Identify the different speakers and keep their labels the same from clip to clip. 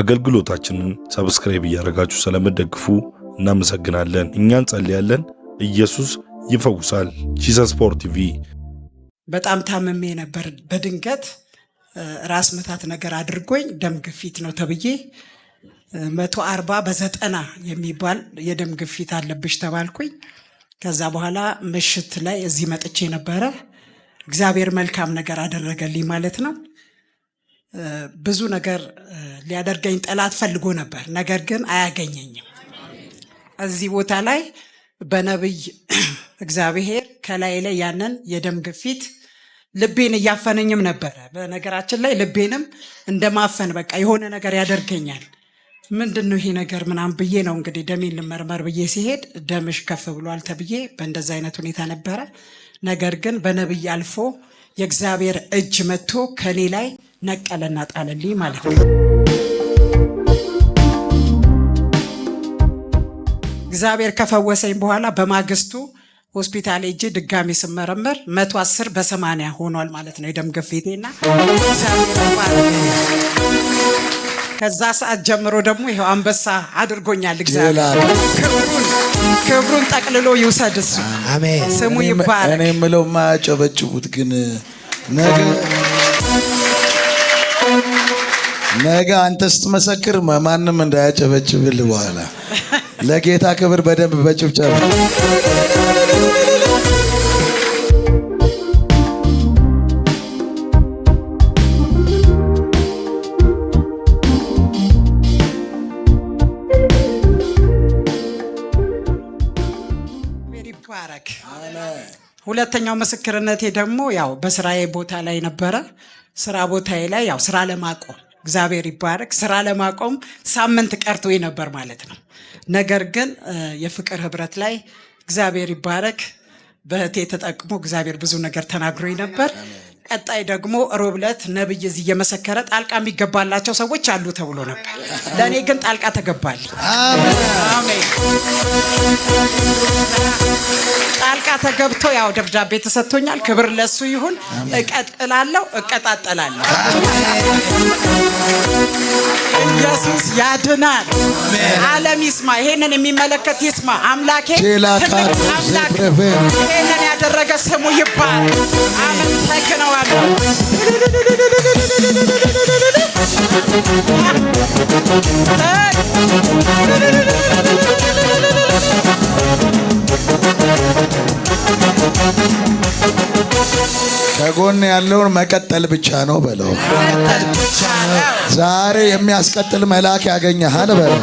Speaker 1: አገልግሎታችንን ሰብስክራይብ እያደረጋችሁ ስለምደግፉ እናመሰግናለን። እኛ እንጸልያለን፣ ኢየሱስ ይፈውሳል። ጂሰስ ፓወር ቲቪ።
Speaker 2: በጣም ታምሜ ነበር። በድንገት ራስ ምታት ነገር አድርጎኝ ደም ግፊት ነው ተብዬ መቶ አርባ በዘጠና የሚባል የደም ግፊት አለብሽ ተባልኩኝ። ከዛ በኋላ ምሽት ላይ እዚህ መጥቼ ነበረ። እግዚአብሔር መልካም ነገር አደረገልኝ ማለት ነው። ብዙ ነገር ሊያደርገኝ ጠላት ፈልጎ ነበር፣ ነገር ግን አያገኘኝም። እዚህ ቦታ ላይ በነቢይ እግዚአብሔር ከላይ ላይ ያንን የደም ግፊት ልቤን እያፈነኝም ነበረ። በነገራችን ላይ ልቤንም እንደማፈን በቃ የሆነ ነገር ያደርገኛል። ምንድን ነው ይሄ ነገር ምናምን ብዬ ነው እንግዲህ ደሜን ልመርመር ብዬ ሲሄድ ደምሽ ከፍ ብሏል ተብዬ በእንደዚ አይነት ሁኔታ ነበረ። ነገር ግን በነቢይ አልፎ የእግዚአብሔር እጅ መጥቶ ከኔ ላይ ነቀለና ጣለልኝ ማለት ነው። እግዚአብሔር ከፈወሰኝ በኋላ በማግስቱ ሆስፒታል ሄጄ ድጋሚ ስመረመር መቶ አስር በሰማንያ ሆኗል ማለት ነው የደም ግፊቴና ከዛ ሰዓት ጀምሮ ደግሞ ይኸው አንበሳ አድርጎኛል። እግዚአብሔር ክብሩን ጠቅልሎ ይውሰድ እሱ
Speaker 3: ስሙ ይባረክ። እኔ የምለው ማጨበጭቡት ግን ነገ አንተ ስትመሰክር ማንም እንዳያጨበጭብል በኋላ ለጌታ ክብር በደንብ በጭብጨባ
Speaker 2: ያረግ። ሁለተኛው ምስክርነቴ ደግሞ ያው በስራዬ ቦታ ላይ ነበረ። ስራ ቦታዬ ላይ ያው ስራ ለማቆም እግዚአብሔር ይባረክ፣ ስራ ለማቆም ሳምንት ቀርቶ ነበር ማለት ነው። ነገር ግን የፍቅር ህብረት ላይ እግዚአብሔር ይባረክ በእህቴ ተጠቅሞ እግዚአብሔር ብዙ ነገር ተናግሮኝ ነበር። ቀጣይ ደግሞ ሮብለት ነብይ እዚህ እየመሰከረ ጣልቃ የሚገባላቸው ሰዎች አሉ ተብሎ ነበር። ለእኔ ግን ጣልቃ ተገባል። ጣልቃ ተገብቶ ያው ደብዳቤ ተሰጥቶኛል። ክብር ለሱ ይሁን። እቀጥላለሁ፣ እቀጣጠላለሁ። ኢየሱስ ያድናል። ይስማ፣ ይህንን የሚመለከት ይስማ። አምላኬ አምላክ ይሄንን ያደረገ ስሙ ይባል። አመሰግነዋለሁ።
Speaker 3: ከጎን ያለውን መቀጠል ብቻ ነው በለው። ዛሬ የሚያስቀጥል መልአክ ያገኘሃል በለው።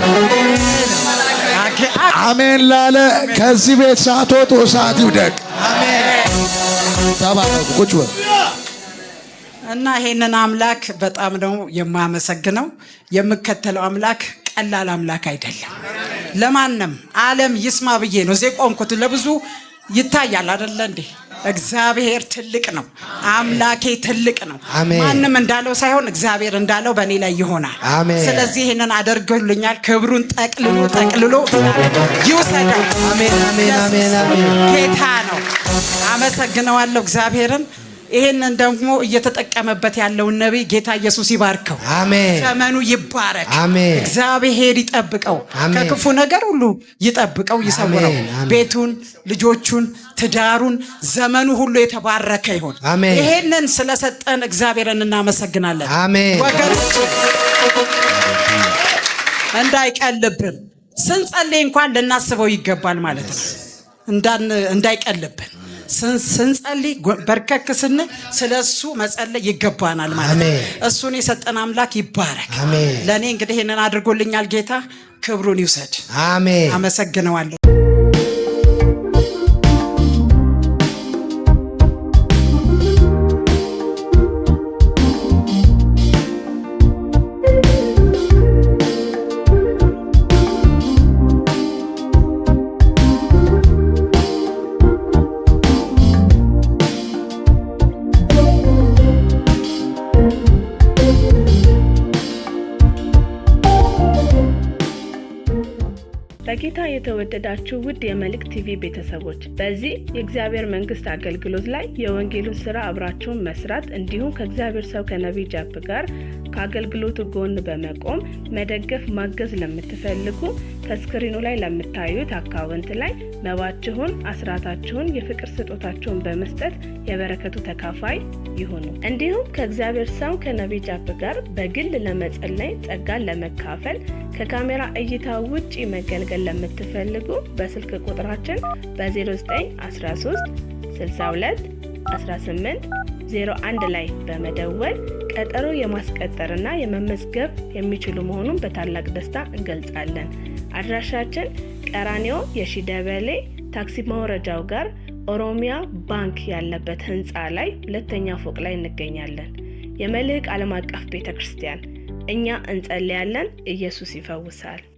Speaker 3: አሜን ላለ ከዚህ ቤት ሳትወጡ እሳት ይውደቅ። ቁጭ በል
Speaker 2: እና ይሄንን አምላክ በጣም ነው የማመሰግነው። የምከተለው አምላክ ቀላል አምላክ አይደለም። ለማንም ዓለም ይስማ ብዬ ነው እዚህ ቆምኩት። ለብዙ ይታያል አይደለ እንዴ? እግዚአብሔር ትልቅ ነው። አምላኬ ትልቅ ነው። ማንም እንዳለው ሳይሆን እግዚአብሔር እንዳለው በእኔ ላይ ይሆናል። ስለዚህ ይህንን አደርግልኛል። ክብሩን ጠቅልሎ ጠቅልሎ ይውሰዳል። ጌታ ነው። አመሰግነዋለሁ እግዚአብሔርን። ይሄንን ደግሞ እየተጠቀመበት ያለውን ነቢይ ጌታ ኢየሱስ ይባርከው። አሜን። ዘመኑ ይባረክ። አሜን። እግዚአብሔር ይጠብቀው፣ ከክፉ ነገር ሁሉ ይጠብቀው፣ ይሰውረው። ቤቱን፣ ልጆቹን፣ ትዳሩን፣ ዘመኑ ሁሉ የተባረከ ይሁን። ይሄንን ስለሰጠን እግዚአብሔርን እናመሰግናለን።
Speaker 3: አሜን። ወገን
Speaker 2: እንዳይቀልብን ስንጸልይ እንኳን ልናስበው ይገባል ማለት ነው። እንዳይቀልብን ስንጸልይ በርከክ ስንል ስለ እሱ መጸለይ ይገባናል ማለት ነው። እሱን የሰጠን አምላክ ይባረክ። ለእኔ እንግዲህ ይህንን አድርጎልኛል ጌታ ክብሩን ይውሰድ። አሜን። አመሰግነዋለሁ።
Speaker 4: በጌታ የተወደዳችሁ ውድ የመልሕቅ ቲቪ ቤተሰቦች በዚህ የእግዚአብሔር መንግስት አገልግሎት ላይ የወንጌሉን ስራ አብራችሁን መስራት እንዲሁም ከእግዚአብሔር ሰው ከነቢይ ጃፕ ጋር ከአገልግሎቱ ጎን በመቆም መደገፍ ማገዝ ለምትፈልጉ ከስክሪኑ ላይ ለምታዩት አካውንት ላይ መባችሁን፣ አስራታችሁን፣ የፍቅር ስጦታችሁን በመስጠት የበረከቱ ተካፋይ ይሁኑ። እንዲሁም ከእግዚአብሔር ሰው ከነቢይ ጃፕ ጋር በግል ለመጸለይ ጸጋን ለመካፈል ከካሜራ እይታ ውጪ መገልገል ለምትፈልጉ በስልክ ቁጥራችን በ0913 62 18 01 ላይ በመደወል ቀጠሮ የማስቀጠርና የመመዝገብ የሚችሉ መሆኑን በታላቅ ደስታ እንገልጻለን። አድራሻችን ቀራኒዮ የሺደበሌ ታክሲ ማውረጃው ጋር ኦሮሚያ ባንክ ያለበት ህንፃ ላይ ሁለተኛ ፎቅ ላይ እንገኛለን። የመልህቅ ዓለም አቀፍ ቤተ ክርስቲያን። እኛ እንጸልያለን፣ ኢየሱስ ይፈውሳል።